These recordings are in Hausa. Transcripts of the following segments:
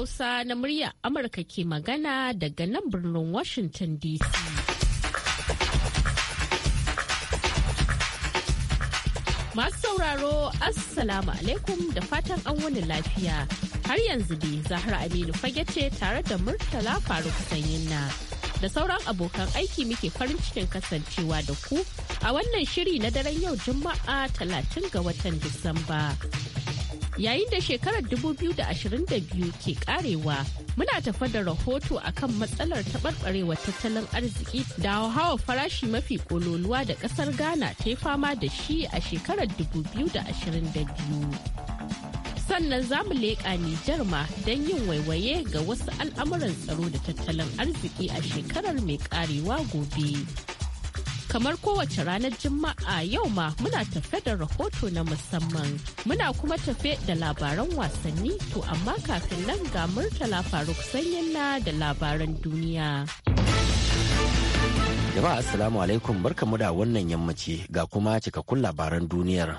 Hausa na murya Amurka ke magana daga nan birnin Washington DC. Masu sauraro, Assalamu alaikum da fatan an wani lafiya. Har yanzu dai Zahra Aminu fage ce tare da Murtala Faruk Sanyinna. Da sauran abokan aiki muke farin cikin kasancewa da ku a wannan shiri na daren yau Juma'a 30 ga watan Disamba. yayin da shekarar 2022 ke karewa muna tafa da rahoto akan matsalar taɓarɓarewar tattalin arziki da hawa farashi mafi kololuwa da ƙasar ghana ta yi fama da shi a shekarar 2022 sannan za mu leƙa Nijar ma don yin waiwaye ga wasu al'amuran tsaro da tattalin arziki a shekarar mai karewa gobe. kamar kowace ranar Juma'a yau ma muna tafe da rahoto na musamman. Muna kuma tafe da labaran wasanni to amma kafin nan ga Murtala Faruk sanyin na da labaran duniya. Jama'a Assalamu alaikum barkamu da wannan yammaci ga kuma cikakkun labaran duniyar.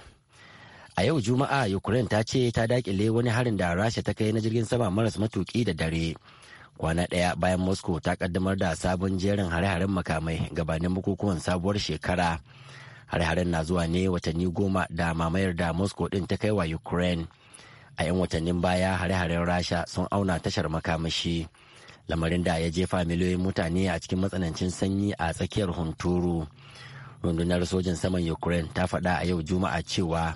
A yau Juma'a Ukraine ta ce ta dakile wani harin da Rasha ta kai na jirgin sama maras matuki da dare. kwana ɗaya bayan moscow ta kaddamar da sabon jerin hare-haren makamai gabanin bukukuwan sabuwar shekara hare-haren na zuwa ne watanni goma da mamayar da moscow ɗin ta kai wa ukraine a 'yan watannin baya hare-haren rasha sun auna tashar makamashi lamarin da ya jefa miliyoyin mutane a cikin matsanancin sanyi a tsakiyar hunturu rundunar sojin saman ukraine ta faɗa a yau juma'a cewa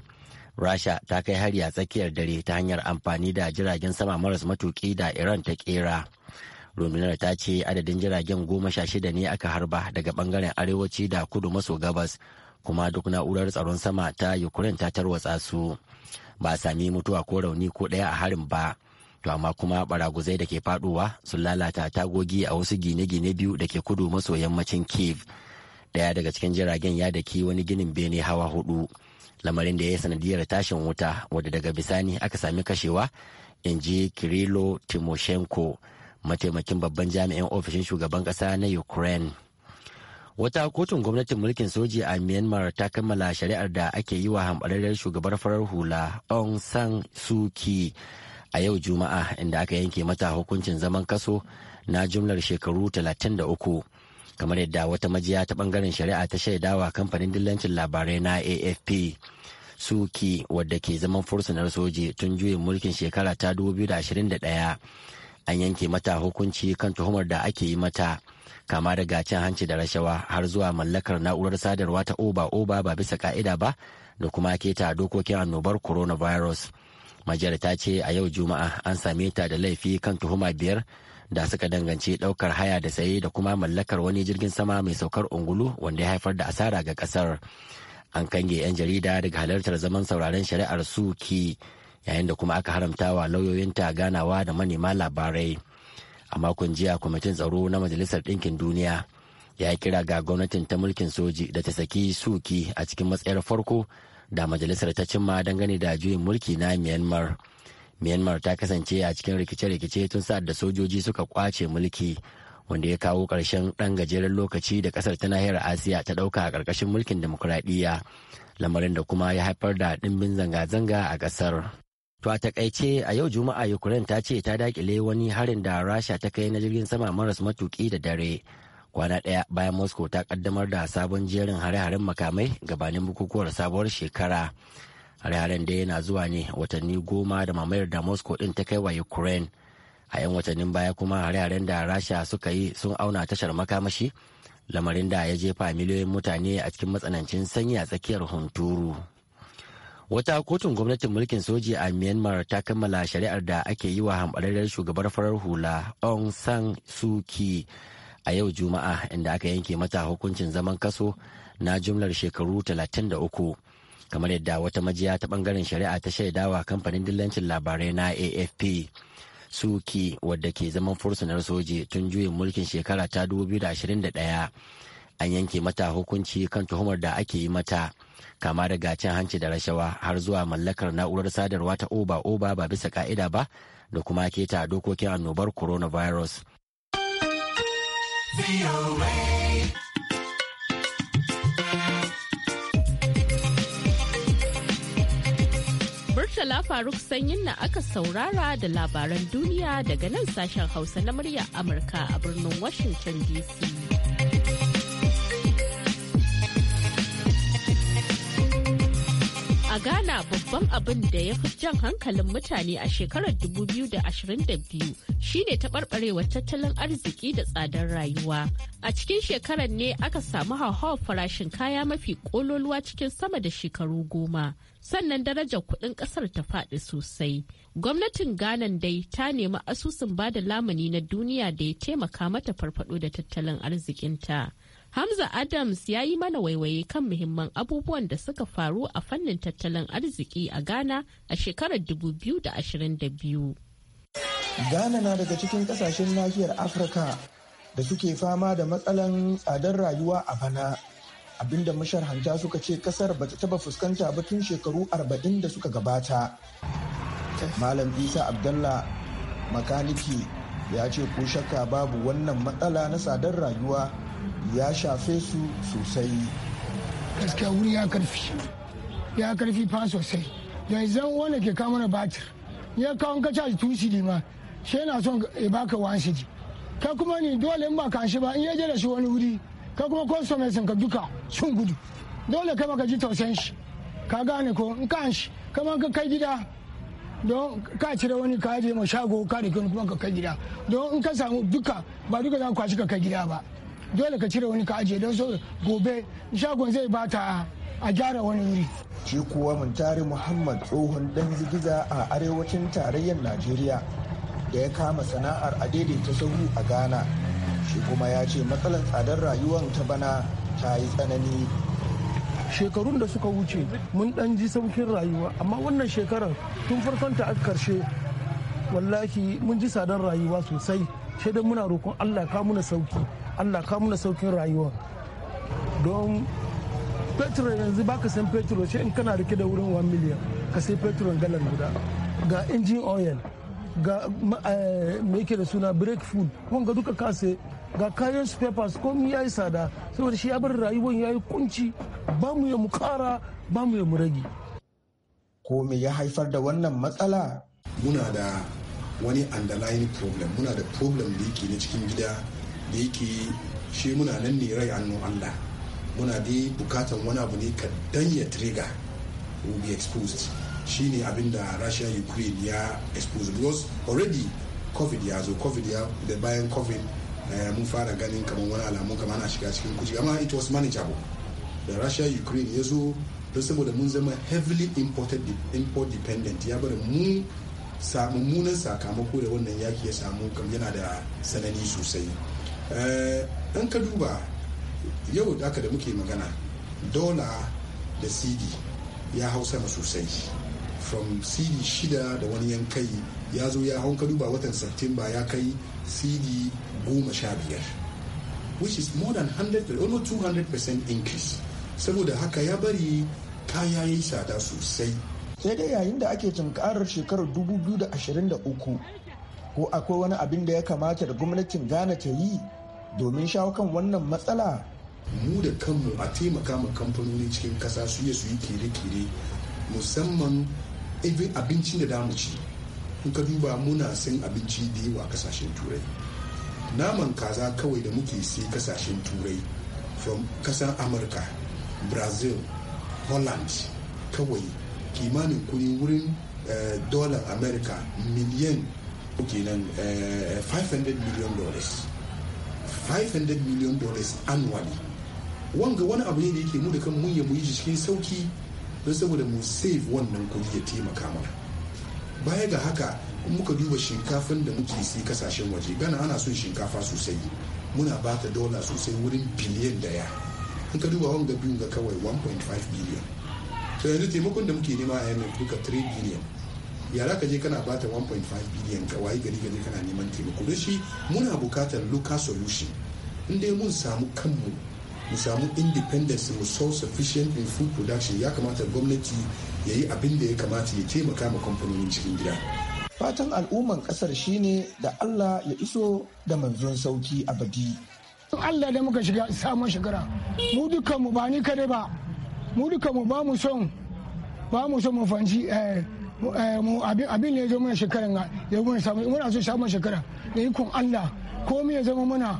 rasha ta kai hari a tsakiyar dare ta hanyar amfani da jiragen sama maras matuki da iran ta kera Rominar ta ce adadin jiragen goma sha shida ne aka harba daga bangaren arewaci da kudu maso gabas kuma duk na'urar tsaron sama ta Ukraine ta tarwatsa su. Ba a sami mutuwa ko rauni ko ɗaya a harin ba. To amma kuma baraguzai da ke faduwa sun lalata tagogi a wasu gine-gine biyu da ke kudu maso yammacin Kiev. Ɗaya daga cikin jiragen ya daki wani ginin bene hawa hudu. Lamarin da ya yi sanadiyar tashin wuta wadda daga bisani aka sami kashewa in ji Kirilo Timoshenko. mataimakin babban jami'in ofishin shugaban ƙasa na ukraine wata kotun gwamnatin mulkin soji a myanmar ta kammala shari'ar da ake yi wa hambararren shugabar farar hula aung san suu a yau juma'a inda aka yanke mata hukuncin zaman kaso na jumlar shekaru 33 kamar yadda wata majiya ta bangaren shari'a ta shaidawa kamfanin dillancin labarai na afp suki wadda ke zaman fursunar soji tun juyin mulkin shekara ta 2021 an yanke mata hukunci kan tuhumar da ake yi mata kama daga cin hanci da rashawa har zuwa mallakar na'urar sadarwa ta oba oba ba bisa ka'ida ba da kuma keta dokokin annobar coronavirus majiyar ta ce a yau juma'a an same ta da laifi kan tuhuma biyar da suka danganci daukar haya da saye da kuma mallakar wani jirgin sama mai saukar ungulu wanda ya haifar da asara ga kasar an kange 'yan jarida daga halartar zaman sauraren shari'ar su ki yayin da kuma aka haramta wa lauyoyin ta ganawa da manema labarai a makon jiya kwamitin tsaro na majalisar ɗinkin duniya ya kira ga gwamnatin ta mulkin soji da ta saki suki a cikin matsayar farko da majalisar ta cimma dangane da juyin mulki na myanmar myanmar ta kasance a cikin rikice-rikice tun sa'ad da sojoji suka kwace mulki wanda ya kawo ƙarshen ɗan gajeren lokaci da ƙasar ta nahiyar asiya ta ɗauka a ƙarƙashin mulkin demokuraɗiyya lamarin da kuma ya haifar da ɗimbin zanga-zanga a ƙasar. To a takaice a yau Juma'a Ukraine ta ce ta dakile wani harin da Rasha ta kai na jirgin sama maras matuki da dare. Kwana ɗaya bayan Moscow ta kaddamar da sabon jerin hare-haren makamai gabanin bukukuwar sabuwar shekara. Hare-haren da yana zuwa ne watanni goma da mamayar da Moscow ɗin ta kai wa Ukraine. A 'yan watannin baya kuma hare-haren da Rasha suka yi sun auna tashar makamashi lamarin da ya jefa miliyoyin mutane a cikin matsanancin sanyi a tsakiyar hunturu. Wata kotun gwamnatin mulkin soji a Myanmar ta kammala shari'ar da ake yi wa hambararren shugabar farar hula Aung San Suu Kyi a yau Juma'a inda aka yanke mata hukuncin zaman kaso na jumlar shekaru 33 kamar yadda wata majiya ta bangaren shari'a ta shaidawa kamfanin dillancin labarai na AFP. Suki wadda ke zaman fursunar soji tun juyin mulkin shekara ta 2021 an yanke mata hukunci kan tuhumar da ake yi mata kama daga cin hanci da rashawa har zuwa mallakar na'urar sadarwa ta oba oba ba bisa ka'ida ba da kuma keta dokokin annobar coronavirus. Murtala Faruk sanyin na aka saurara da labaran duniya daga nan sashen Hausa na murya Amurka a birnin Washington DC. A Ghana babban abin da ya fi jan hankalin mutane a shekarar 2022 shine taɓarɓarewar tattalin arziki da tsadar rayuwa. A cikin shekarar ne aka samu hauhawar farashin kaya mafi ƙololuwa cikin sama da shekaru goma. Sannan darajar kuɗin ƙasar ta faɗi sosai. Gwamnatin Ghana dai ta nemi asusun bada lamuni na duniya da ya taimaka mata farfaɗo da tattalin arzikinta. Hamza Adams ya yi mana waiwaye kan muhimman abubuwan da suka faru a fannin tattalin arziki a Ghana a shekarar 2022. Ghana na daga cikin kasashen nahiyar Afirka da suke fama da matsalan tsadar rayuwa a bana. abinda masharhanta suka ce kasar ba ta taba fuskanta ba tun shekaru 40 da suka gabata. Malam Isa Abdallah makaniki ya ce ko shakka babu wannan matsala na tsadar rayuwa ya shafe su sosai gaskiya wuri ya karfi ya karfi fa sosai da zan wanda ke kama na batir ya kawo ka caji tusi ne ma shi yana son ya baka wa shi ka kuma ni dole in ba ka shi ba in ya je da shi wani wuri ka kuma consumer ka duka sun gudu dole kai maka ji tausayin shi ka gane ko in ka shi kama ka kai gida don ka cire wani ka je ma shago ka da kuma ka kai gida don in ka samu duka ba duka za ka kwashi ka kai gida ba dole ka cire wani ka ajiye don so gobe shagon zai bata a gyara wani wuri shi kuwa muntari muhammad tsohon dan zigiza a arewacin tarayyar najeriya da ya kama sana'ar a daidaita sahu a ghana shi kuma ya ce matsalar tsadar rayuwar ta bana ta yi tsanani shekarun da suka wuce mun dan ji saukin rayuwa amma wannan shekarar tun farkon ta aka karshe wallahi mun ji tsadar rayuwa sosai sai dai muna roƙon allah ka muna sauki allah ka muna saukin rayuwa don petro yanzu baka san petro sai in kana rike da wurin 1 miliyan ka sai petrol galan guda ga injin oil ga eh, me yake da suna break food wanga duka kase ga kayan su papers komi ya yi sada saboda shi ya bar rayuwar ya yi kunci ba mu ya mu kara ba mu ya mu rage ko me ya haifar da wannan matsala muna da wani underlying problem muna da problem da yake na cikin gida da yake shi muna nan ne rai hannun allah muna dai bukatan wani abu ne kadan ya trigger will be exposed shine abin da russia ukraine ya expose because already covid ya zo covid ya da bayan covid eh, mun fara ganin kamar wani alamu kama ana shiga cikin kuji amma it was manageable da russia ukraine ya zo don saboda mun zama heavily imported import dependent ya bari mu munan sakamako da wannan yaki ya samu kam yana da sanani sosai Eh, in ka duba yau da aka da muke magana dola da cd ya hau sama sosai from cd shida da wani yankai ya zo ya hau ka duba watan satumba ya kai cd goma sha biyar which is more than 100 200% increase saboda haka ya bari kaya yi tsada sosai sai dai yayin da ake tunkarar shekarar 2023 ko akwai wani abin da ya kamata da gwamnatin ghana ta yi domin shawo kan wannan matsala mu da kanmu a taimaka ma kamfanoni cikin kasa su yi su yi kere-kere musamman abincin da damu ci in ka duba muna san abinci da yawa kasashen turai naman kaza kawai da muke sai kasashen turai from kasar amurka brazil holland kawai kimanin kudi wurin eh, dollar america miliyan kenan 500 eh, million dollars 500 million dollars annually wanga wani abu ne da yake mu da kan mun mu yi cikin sauki don saboda mu save wannan kuɗi ya taimaka mana baya ga haka muka duba shinkafan da muke sai kasashen waje gana ana son shinkafa sosai muna ba ta dola sosai wurin biliyan daya in ka duba wanga biyun ga kawai 1.5 biliyan to yanzu taimakon da muke nema a yamin duka 3 biliyan yara ka je kana bata 1.5 biliyan ka wayi gari gari kana neman taimako da shi muna bukatar local solution in dai mun samu kanmu mu samu independence mu so sufficient in food production ya kamata gwamnati ya yi abin da ya kamata ya taimaka ma kamfanonin cikin gida fatan al'umman kasar shine da allah ya iso da manzon sauki abadi allah da muka shiga samun shigara mu dukkan mu ba ni kare ba mu dukkan mu ba mu son ba mu son mu fanci eh, Eh, abin ya zo mana shekaran ya mana samu muna so samun shekara da ikon Allah mu ya zama mana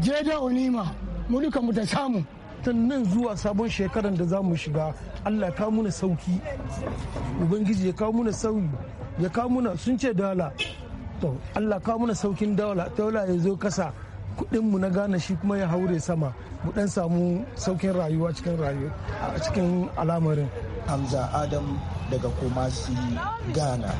jeda onima mu duka mu ta samu tun nan zuwa sabon shekaran da za mu shiga Allah ka muna sauki ubangiji ya kawo muna sauyi ya kawo muna sun ce dala to Allah ka muna saukin dala dala ya zo kasa mu na ghana shi kuma ya haure sama mu dan samu saukin rayuwa cikin rayuwa a cikin al'amarin hamza adam daga kumasi ghana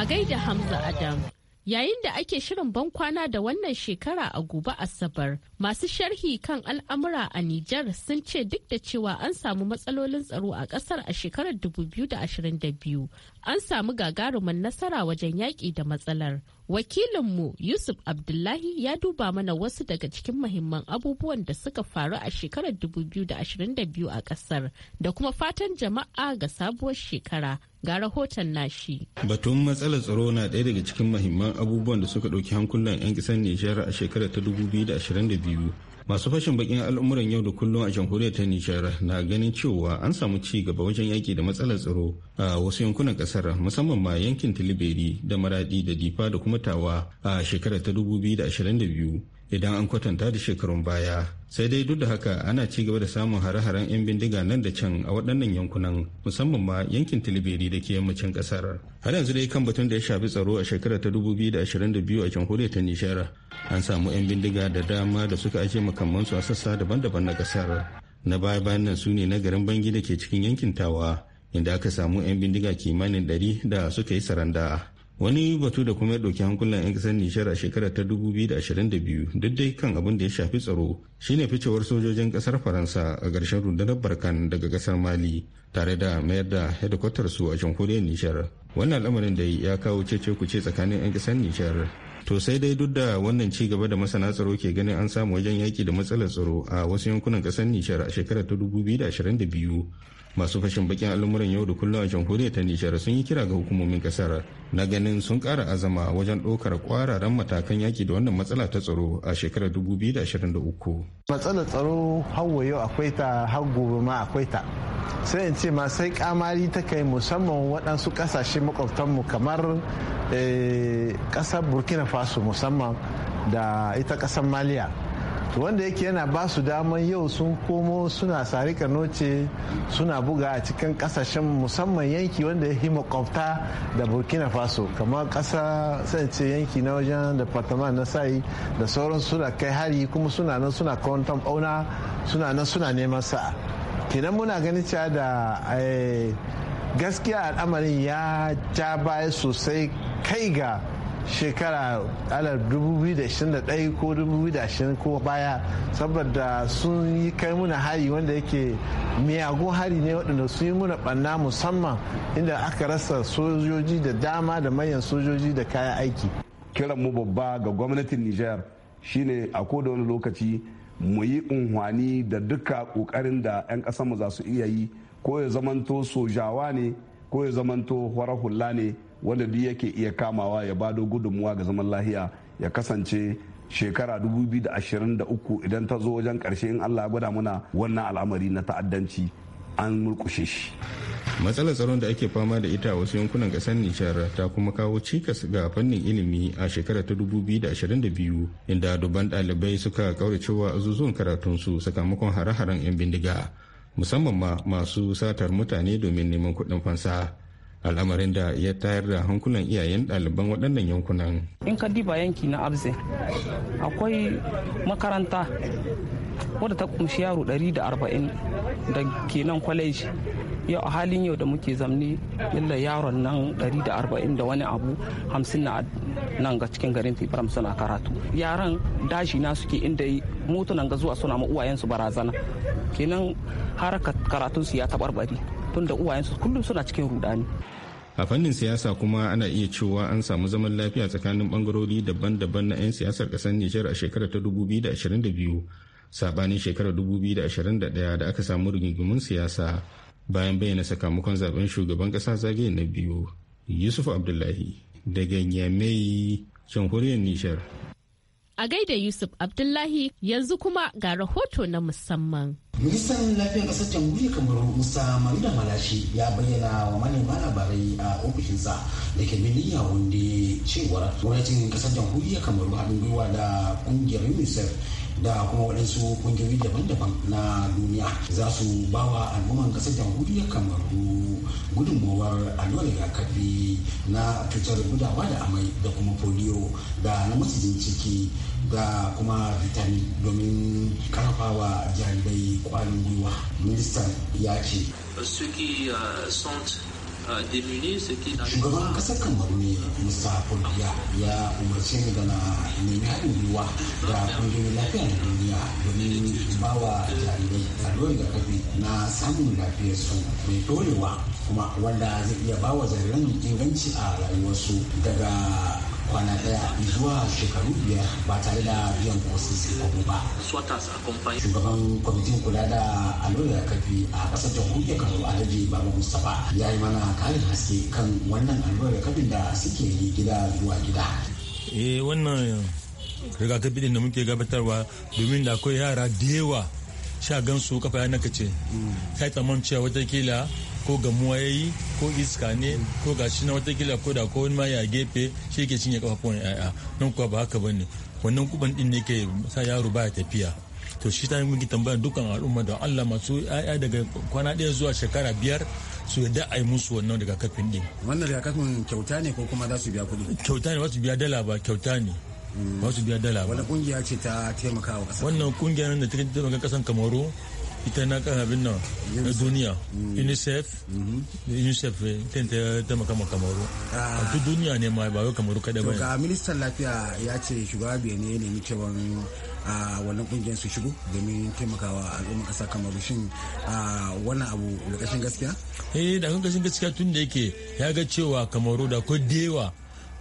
a gaida hamza adam Yayin da ake shirin ban kwana da wannan shekara a gobe Asabar, masu sharhi kan al'amura a Nijar sun ce duk da cewa an samu matsalolin tsaro a kasar a shekarar 2022, an samu gagarumin nasara wajen yaƙi da matsalar. Wakilinmu Yusuf Abdullahi ya duba mana wasu daga cikin mahimman abubuwan da suka faru a shekarar 2022 a kasar da kuma fatan jama'a ga sabuwar shekara ga rahoton nashi. Batun matsalar tsaro na ɗaya daga cikin mahimman abubuwan da suka ɗauki hankulan 'yan kisan Nijar a shekarar ta 2022 masu fashin bakin al'umuran yau da kullum a jamhuriyar ta nijar na ganin cewa an samu ci gaba wajen yaki da matsalar tsaro a wasu yankunan kasar musamman ma yankin tiliberi da maradi da difa da kuma tawa a shekarar ta 2022 idan an kwatanta da shekarun baya sai dai duk da haka ana ci gaba da samun hare-haren 'yan bindiga nan da can a waɗannan yankunan musamman ma yankin Tiliberi da ke yammacin kasar har yanzu dai kan batun da ya shafi tsaro a shekarar ta 2022 a jamhuriyar ta Nijar. an samu 'yan bindiga da dama da suka ajiye makamansu a sassa daban-daban na kasar na baya-bayan nan su ne na garin bangi da ke cikin yankin tawa inda aka samu 'yan bindiga kimanin ɗari da suka yi saranda wani batu da kuma ya ɗauki hankulan 'yan kasar nishar a shekarar ta biyu duk dai kan abin da ya shafi tsaro shine ficewar sojojin kasar faransa a ƙarshen rundunar barkan daga kasar mali tare da mayar da hedikwatar su a jamhuriyar nishar wannan al'amarin da ya kawo cece ce tsakanin 'yan ƙasar nijar to sai dai duk da wannan ci gaba da masana tsaro ke ganin an samu wajen yaki da matsalar tsaro a wasu yankunan kasar nishar a shekarar ta 2022 masu fashin bakin al'amuran yau da kullum a jamhuriyar ta nijar sun yi kira ga hukumomin kasar na ganin sun kara azama wajen ɗaukar kwararan matakan yaki da wannan matsala ta tsaro a shekarar 2023 matsalar tsaro hawa yau akwai ta har gobe ma akwai ta sai in ce ma sai kamari ta kai musamman waɗansu ƙasashe makwabtanmu kamar eh, ƙasar burkina faso musamman da ita ƙasar maliya wanda yake yana ba su daman yau sun komo suna sarika noce suna buga a cikin kasashen musamman yanki wanda ya makwabta da burkina faso kamar kasa sai ce yanki na wajen departement na sai da sauran suna kai hari kuma suna nan suna kwantan bauna suna nan suna neman sa kenan muna ganin cewa da eh, gaskiya al'amarin ya ja baya sosai kai ga shekara alar 2021 ko 2020 ko baya saboda sun yi kai muna hari wanda yake miyagun hari ne waɗanda sun yi muna ɓanna musamman inda aka rasa sojoji da dama da manyan sojoji da kayan aiki kiran mu babba ga gwamnatin niger shine a da wani lokaci mu yi unhwani da duka ƙoƙarin da 'yan ƙasar mu za su iya yi ko ya zamanto sojawa ne ko ya zamanto hula ne wanda duk yake iya kamawa ya bado gudunmuwa ga zaman lahiya ya kasance shekara 2023 idan ta zo wajen karshe in allah gwada muna wannan al'amari na ta'addanci an murkushe shi matsalar tsaron da ake fama da ita a wasu yankunan kasar nishar ta kuma kawo cikas ga fannin ilimi a shekarar ta 2022 inda dubban ɗalibai suka kauracewa azuzuwan karatunsu sakamakon hare-haren 'yan bindiga musamman ma masu satar mutane domin neman kuɗin fansa al'amarin da ya tayar da hankulan iyayen ɗaliban waɗannan yankunan. In ka diba yanki na Abze, akwai makaranta wadda ta kumshi yaro 140 da ke nan kwaleji. Yau a halin yau da muke zamni illa yaron nan 140 da wani abu 50 na nan ga cikin garin Fibram suna karatu. Yaran dashi na suke inda motunan ga zuwa suna ma uwayensu barazana. Kenan harakar karatunsu ya taɓarɓari. tunda uwayensu kullum suna cikin rudani a fannin siyasa kuma ana iya cewa an samu zaman lafiya tsakanin bangarori daban-daban na 'yan siyasar kasar nijar a shekarar ta 2022 sabanin shekarar 2021 da aka samu rigingimun siyasa bayan bayyana sakamakon zaben shugaban kasa zagaye na biyu yusuf abdullahi daga nyamai jamhuriyar nijar a gaida yusuf abdullahi yanzu kuma ga rahoto na musamman ministan lafiyar kasar jamhuriyar kamaru musa maida malashi ya bayyana wa manema labarai a ofishinsa da ke birnin yawunde cewa gwamnatin kasar jamhuriyar kamaru haɗin gwiwa da ƙungiyar unicef da kuma waɗansu ƙungiyoyi daban-daban na duniya za su ba wa al'umman kasar jamhuriyar kamaru gudunmawar allurar rigakafi na cutar gudawa da amai da kuma polio da na macijin ciki da kuma vitamin domin karfawa jarirai kwarin gwiwa ministan ya ce euh, euh, shugaban kasar kamaru ne musa fulbiya ya umarci ni gana na nemi haɗin gwiwa da kungiyoyin lafiya na duniya domin ba wa jarirai allurar da kafi na samun lafiyar su mai dorewa kuma wanda zai iya ba wa jariran inganci a rayuwarsu daga kwana daya zuwa shekaru biyar ba tare da biyan ko sisi ko ba. Shugaban kwamitin kula da aloya kafi a kasar jamhuriyar Kano Alhaji Baba Mustapha ya yi mana karin haske kan wannan aloya kafin da suke yi gida zuwa gida. Eh wannan rigakafi din da muke gabatarwa domin da akwai yara da yawa sha gansu kafa ya nakace. Mm. Kai tsaman cewa kila ko gamuwa ya yi ko iska ne ko gashi na watakila ko da ko wani ma ya gefe shi ke cinye kafafuwan ya'ya nan kuwa ba haka bane wannan kuban din ne ke sa yaro baya tafiya to shi ta muke tambaya dukkan al'umma da Allah masu ya'ya daga kwana ɗaya zuwa shekara biyar su yadda a yi musu wannan kafin din wannan kafin kyauta ne ko kuma za su biya kuɗi kyauta ne wasu biya dala ba kyauta ne Wasu hmm. biya dala ba wani kungiya ce ta taimaka wa ƙasa wannan kungiya ne da ta taimaka ƙasan kamaru ita na kan abin nan na duniya mm. unicef mm-hmm. unicef eh, ita ta taimaka ma kamaru a ah. duk duniya ne ma ba wai kamaru kada ba ga ministan lafiya ya ce shugaba biya ne ya nemi cewa ah, wannan kungiyar su shigo domin taimakawa al'umma kasa kamaru shin ah, wannan abu da kashin gaskiya eh da kashin gaskiya tun da yake ya ga cewa kamaru da ko dewa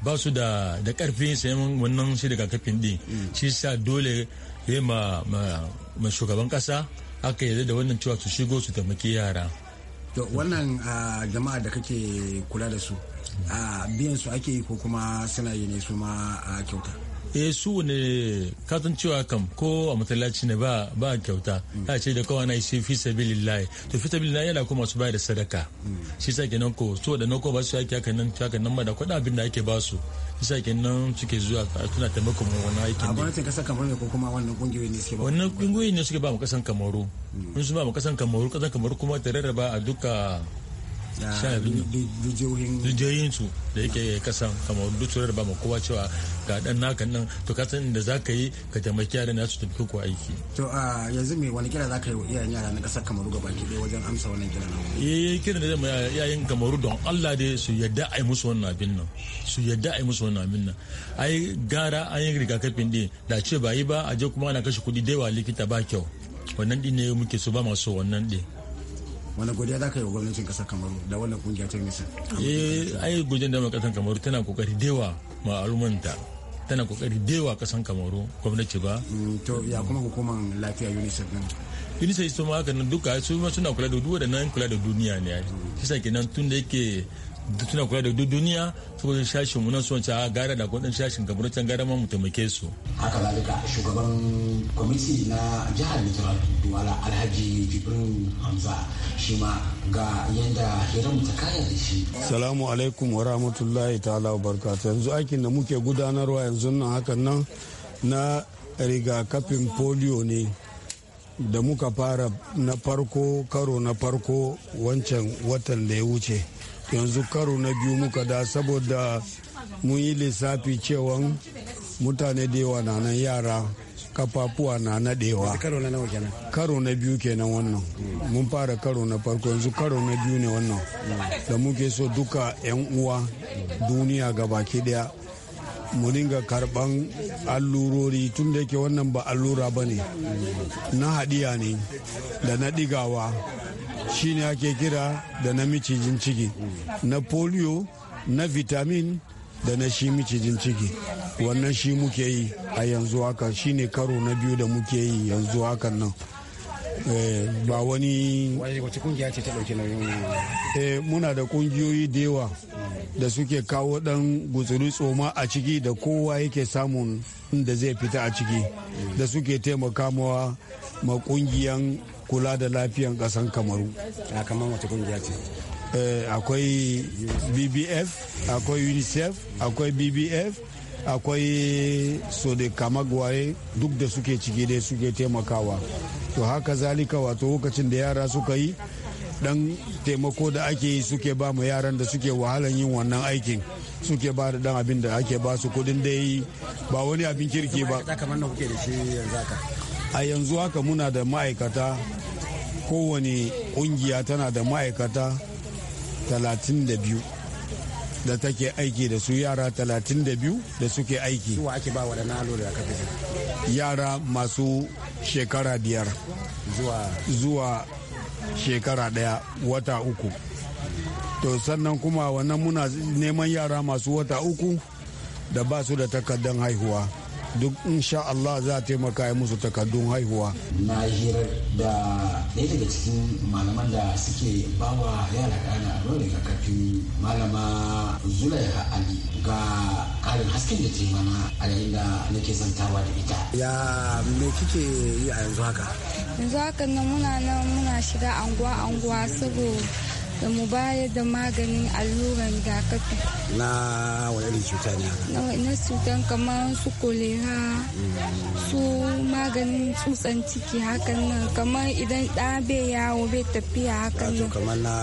ba su da da karfin sayan wannan shi daga kafin din mm. shi sa dole ya ma shugaban kasa aka yarda da wannan cewa su shigo su taimaki yara to wannan jama'a da kake kula da su biyan su ake yi ko kuma suna yi ne su ma kyauta eh su ne katon cewa kam ko a matsalaci ne ba ba kyauta ya mm. ce da kawai na shi fi sabilillahi to fi sabilillahi yana kuma su bayar da sadaka mm. shi sa kenan ko Su da ko ba su yake haka nan haka nan ma da kuɗin abin da ake ba su bisa kenan suke zuwa suna taimakon mu wannan aikin a gwamnatin kasar kamaru ne ko kuma wannan kungiyoyi ne suke ba wannan kungiyoyi ne suke ba mu kasan kamaru mun su ba mu kasan kamaru kasan kamaru kuma ta rarraba a duka rijiyoyin su da yake kasan kama duturar ba ma kowa cewa ga dan naka nan to ka san da zaka yi ka taimaki yaran nasu tafi ko aiki to a yanzu me wani kira zaka yi wa iyayen yara na kasar kamaru baki ki wajen amsa wannan kira na eh kira da zama iyayen kamaru don Allah dai su yadda ai musu wannan abin nan su yadda ai musu wannan abin nan ai gara an yi rigakafin din da ce ba yi ba a je kuma ana kashe kuɗi da yawa likita ba kyau wannan din ne muke su ba masu wannan din wani godiya za ka yi wa gwamnatin kasar kamaru da wannan kungiya ta nisa eh ai gudun da kasar kamaru tana kokari dewa ma al'ummanta tana kokari dewa kasar kamaru gwamnati ba mm, to ya kuma hukumar lafiya unicef din unicef su ma haka nan duka su ma suna kula da da nan kula da duniya ne mm. shi sa kenan tun da yake suna kula da duniya saboda shashin munan sun ci ah, gara da kudin shashin gabar can gara mu taimake su haka ba zalika shugaban kwamiti na jihar littoral duwala alhaji jibrin hamza shi ma ga yadda hirar mu ta kaya da shi salamu alaikum wa rahmatullahi ta'ala wa barkatu yanzu aikin da muke gudanarwa yanzu nan hakan nan na rigakafin polio ne da muka fara na farko karo na farko wancan watan da ya wuce yanzu karo na biyu muka da saboda mun yi lissafi cewa mutane da yawa na nan yara kafafuwa na nadewa karo na biyu kenan wannan mun fara karo na farko yanzu karo na biyu ne wannan da muke so duka 'yan uwa duniya ga baki daya muninga karban allurori tun da yake wannan ba allura ba ne na haɗiya ne da na shi shine ake kira da na micijin ciki na polio na vitamin da na shi micijin ciki wannan shi muke yi a yanzu haka shine karo na biyu da muke yi yanzu hakan nan eh, ba wani wace kungiya ce ta dauke nauyin eh, muna da kungiyoyi da yawa da suke kawo dan gutsuri tsoma a ciki da kowa yake samun inda zai fita a ciki da suke taimaka mawa ma kungiyan kula da lafiyan kasan kamaru wata kungiya eh, akwai bbf akwai unicef akwai bbf akwai sodecamagwaye duk da suke ciki dai suke taimakawa to haka zalika wato lokacin da yara suka yi dan taimako da ake yi suke ba mu yaran da suke wahalan yin wannan aikin suke ba da dan abin da ake ba su kudin yi ba wani abin kirki ba a yanzu haka muna da ma'aikata kowane kungiya tana da ma'aikata 32 da take aiki da su yara 32 da suke aiki yara masu shekara biyar zuwa shekara ɗaya wata uku to sannan kuma wannan muna neman yara masu wata uku da ba su da takardun haihuwa duk insha Allah za a taimaka ya musu takardun haihuwa. Na hirar da ɗaya daga cikin malaman da suke bawa yara ƙana ruwan rigakafin malama Zulai Ali ga ƙarin hasken da yi mana a yayin da nake zantawa da ita. Ya me kike yi a yanzu haka? yanzu hakan nan muna nan muna shiga anguwa anguwa sabo da mu bayar da maganin alluran rigakafi na wani cuta ne na cuta kamar su kolera su maganin tsutsan ciki hakan nan kamar idan ɗa bai yawo bai tafiya hakan nan kamar na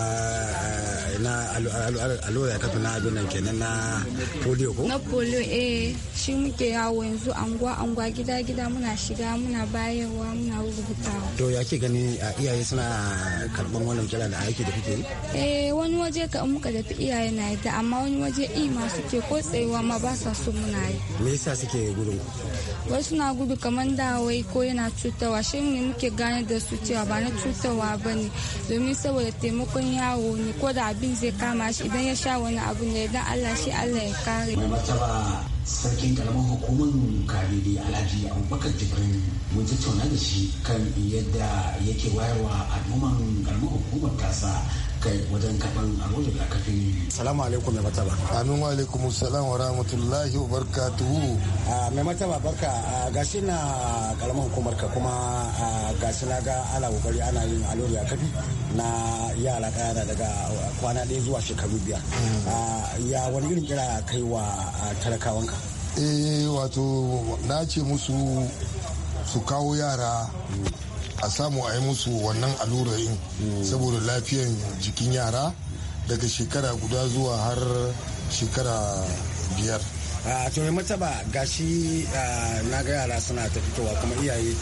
eh, na alluran rigakafi na abinan kenan na polio ko na polio eh shi muke yawo yanzu anguwa anguwa gida gida muna shiga muna bayarwa muna rubutawa to ya ke gani iyaye suna karɓan wannan jala da aiki da kuke yi eh wani waje ka in muka tafi iyaye na yadda amma wani waje ima suke ko tsayuwa ma ba sa so muna yi me yasa suke gudu wai suna gudu kamar da wai ko yana cutarwa shi ne muke gane da su cewa ba na cutawa ba ne domin saboda taimakon yawo ne ko da abin zai kama shi idan ya sha wani abu ne idan allah shi allah ya kare sarkin karamin hukumar kariri alhaji abubakar jibrin mun tattauna da shi kan yadda yake wayarwa al'umman karamin hukumar tasa kai wajen karban aka fi. Salamu alaikum mai mataba. Amin wa alaikum salam wa rahmatullahi wa barakatuhu. Mai mataba barka gashi na karamar hukumar ka kuma gashi na ga ala kokari ana yin alo rigakafi na yara kana daga kwana ɗaya zuwa shekaru biyar. Ya wani irin kira kai wa talakawanka? Eh wato na ce musu su kawo yara a samu a yi musu wannan allurayin saboda lafiyan jikin yara daga shekara guda zuwa har shekara biyar a to mai mataba gashi na ga yara suna ta fitowa kuma iyaye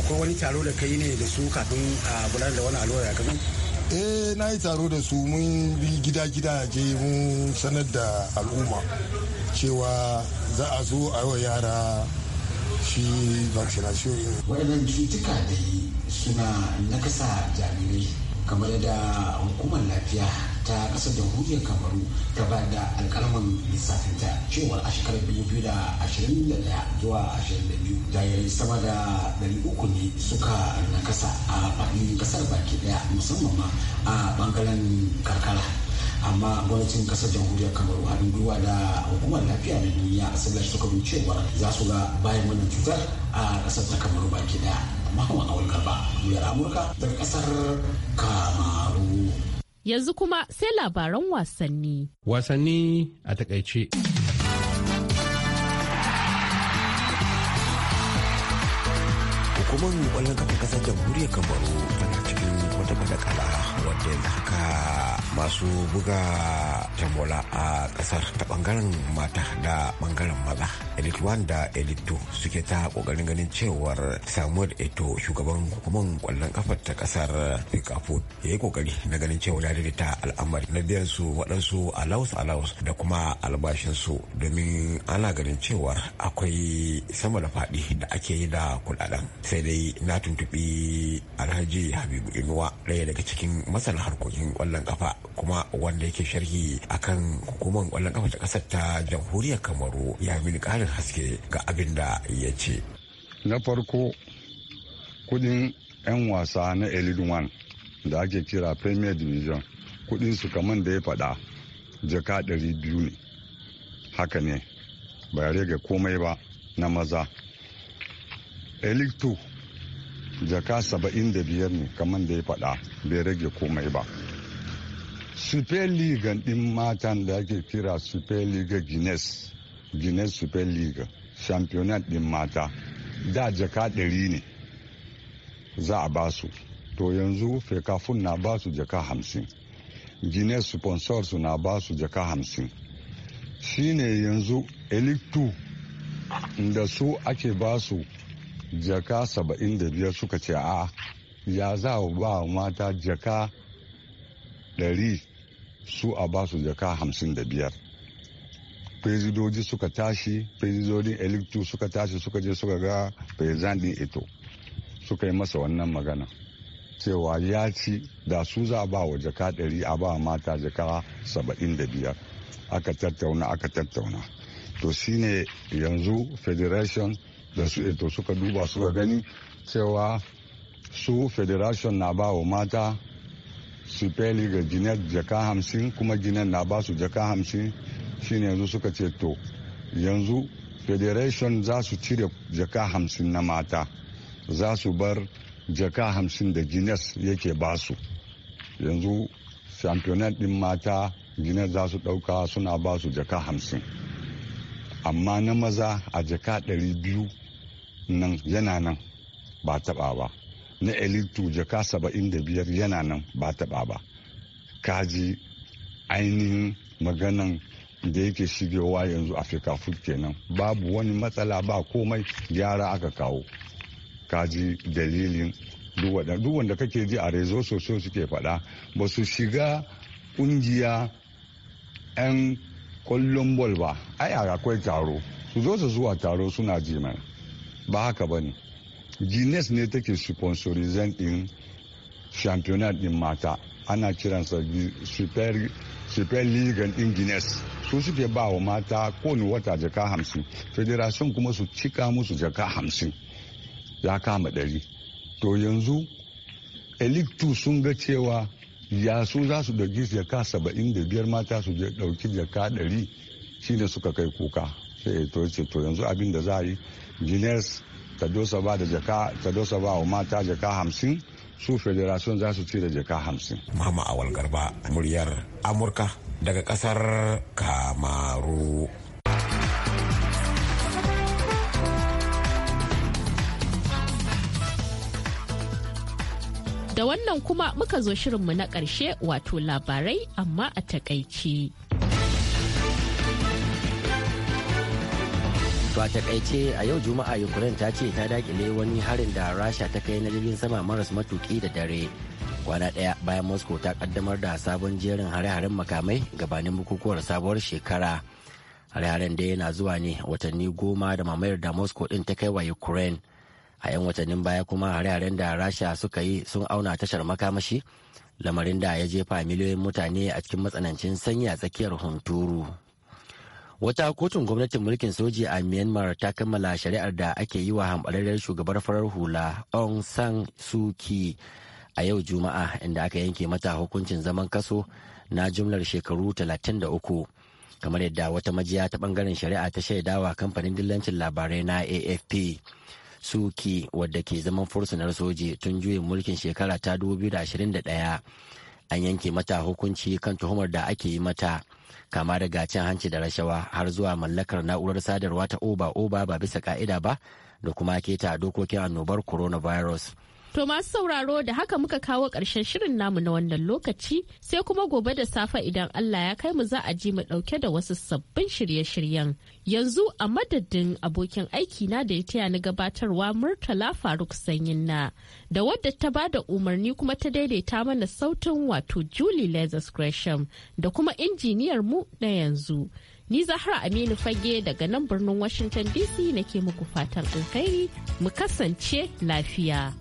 akwai wani taro da kai ne da su kafin a gudanar da wani allura ya kafin eh na yi taro da su mun bi gida-gida je mun sanar da al'umma cewa za a zo a yi wa yara shi vaccination waɗannan cutuka da suna nakasa jarirai kamar da hukumar lafiya ta da jamhuriyar kamaru ta ba da alƙalamin lissafin ta cewa a shekarar daya zuwa ashirin da jarirai sama da uku ne suka nakasa a fadin ƙasar baki daya musamman ma a ɓangaren karkara amma gwamnatin kasar jamhuriyar kamaru haɗin gwiwa da hukumar lafiya na duniya a sabilar suka bin cewa za su ga bayan wannan cutar a kasar ta kamaru baki daya a awal garba a amurka da kasar kamaru yanzu kuma sai labaran wasanni wasanni a takaice hukumar kwallon kafin kasar jamhuriyar kamaru tana cikin wata kala yanzu haka masu buga tambola a kasar ta bangaren mata da bangaren maza elite 1 da elite 2 suke ta kokarin ganin cewar samuel eto shugaban hukumar kwallon kafar ta kasar fikafo ya yi kokari na ganin cewa ya ta al'amari na biyan su waɗansu alaus alaus da kuma albashinsu domin ana ganin cewar akwai sama da faɗi da ake yi da kuɗaɗen sai dai na tuntuɓi alhaji habibu inuwa ɗaya daga cikin masa masanin harkokin kwallon kafa kuma wanda yake sharhi akan hukumar kwallon kafa ta kasar ta jamhuriyar kamaru ya mini karin haske ga abin da ya ce na farko kudin 'yan wasa na elite one da ake kira premier division kudin su kaman da ya faɗa jaka 200 ne haka ne ba rage komai ba na maza elite jaka saba'in da biyar ne kamar da ya faɗa bai rage komai ba super league ɗin matan da ake kira super league guinness guinness super league championat ɗin mata da jaka ɗari ne za a ba su to yanzu fekafun na ba su jaka hamsin guinness sponsors na ba su jaka hamsin shine yanzu elite 2 da su ake ba su jaka saba'in da suka ce a ya za a ba mata jaka ɗari su a ba su jaka hamsin da biyar fezidoji suka tashi fezidojin eliktu suka tashi suka je suka ga prezan din ito suka yi masa wannan magana cewa ya ci da su za ba wa jaka ɗari a ba mata jaka saba'in da biyar aka tattauna aka tattauna to shine yanzu federation da su eto eh, suka duba suka gani cewa su federation na ba wa mata su peli ga jinar jaka hamsin kuma jinar na ba su jaka hamsin shine yanzu suka ce to yanzu federation za su cire jaka hamsin na mata za su bar jaka hamsin da guinness yake basu yanzu championat din mata jinet za su dauka suna basu jaka hamsin amma na maza a jaka ɗari biyu nan yana nan ba taba ba na elitu jaka saba'in da biyar yana nan ba taba ba kaji ainihin maganan da yake shigewa yanzu afirka food kenan babu wani matsala ba komai gyara aka kawo kaji dalilin duk wanda kake ji a rezo sosai suke faɗa ba su shiga kungiya 'yan kwallon bol ba ai akwai taro su zo su zuwa taro suna jima'i. ba haka ba ne guinness ne take sponsorizan din championat din mata ana kiransa super league din guinness su suke ba wa mata kowane wata jaka hamsin federation kuma su cika musu jaka hamsin ya kama ɗari to yanzu 2 sun ga cewa ya su za su ɗauki jaka saba'in da biyar mata su ɗauki jaka ɗari shine suka kai kuka sai to ce to yanzu abin da za a yi juniors ta dosa ba da jaka ta dosa ba wa mata jaka hamsin su federation za su ci da jaka hamsin. Mama Awal Garba muryar Amurka daga kasar Kamaru. Da wannan kuma muka zo shirinmu na ƙarshe wato labarai amma a takaici. To a takaice a yau Juma'a Ukraine ta ce ta dakile wani harin da Rasha ta kai na jirgin sama maras matuki da dare. Kwana ɗaya bayan Moscow ta kaddamar da sabon jerin hare-haren makamai gabanin bukukuwar sabuwar shekara. Hare-haren da yana zuwa ne watanni goma da mamayar da Moscow din ta kai wa Ukraine. A 'yan watannin baya kuma hare-haren da Rasha suka yi sun auna tashar makamashi lamarin da ya jefa miliyoyin mutane a cikin matsanancin sanyi a tsakiyar hunturu. Wata kotun gwamnatin mulkin soji a Myanmar ta kammala shari'ar da ake yi wa hambararren shugabar farar hula Aung San Suu Kyi a yau Juma'a inda aka yanke mata hukuncin zaman kaso na jumlar shekaru 33. kamar yadda wata majiya ta bangaren shari'a ta shaidawa kamfanin dillancin labarai na afp suki wadda ke zaman fursunar soji tun juyin mulkin shekara ta 2021 an yanke mata hukunci kan tuhumar da ake yi mata kama daga cin hanci da rashawa har zuwa mallakar na'urar sadarwa ta oba oba ba bisa ka'ida ba da kuma keta dokokin annobar coronavirus. To masu sauraro da haka muka kawo ƙarshen shirin namu na wannan lokaci sai kuma gobe da safe idan Allah ya kai mu za a ji mu ɗauke da wasu sabbin shirye-shiryen. Yanzu a madadin abokin aiki na da ya taya ni gabatarwa Murtala Faruk Sanyin na da wadda ta ba da umarni kuma ta daidaita mana sautin wato Julie Lazarus Gresham da kuma injiniyar mu na yanzu. Ni Zahra Aminu Fage daga nan birnin Washington DC nake muku fatan alkhairi mu kasance lafiya.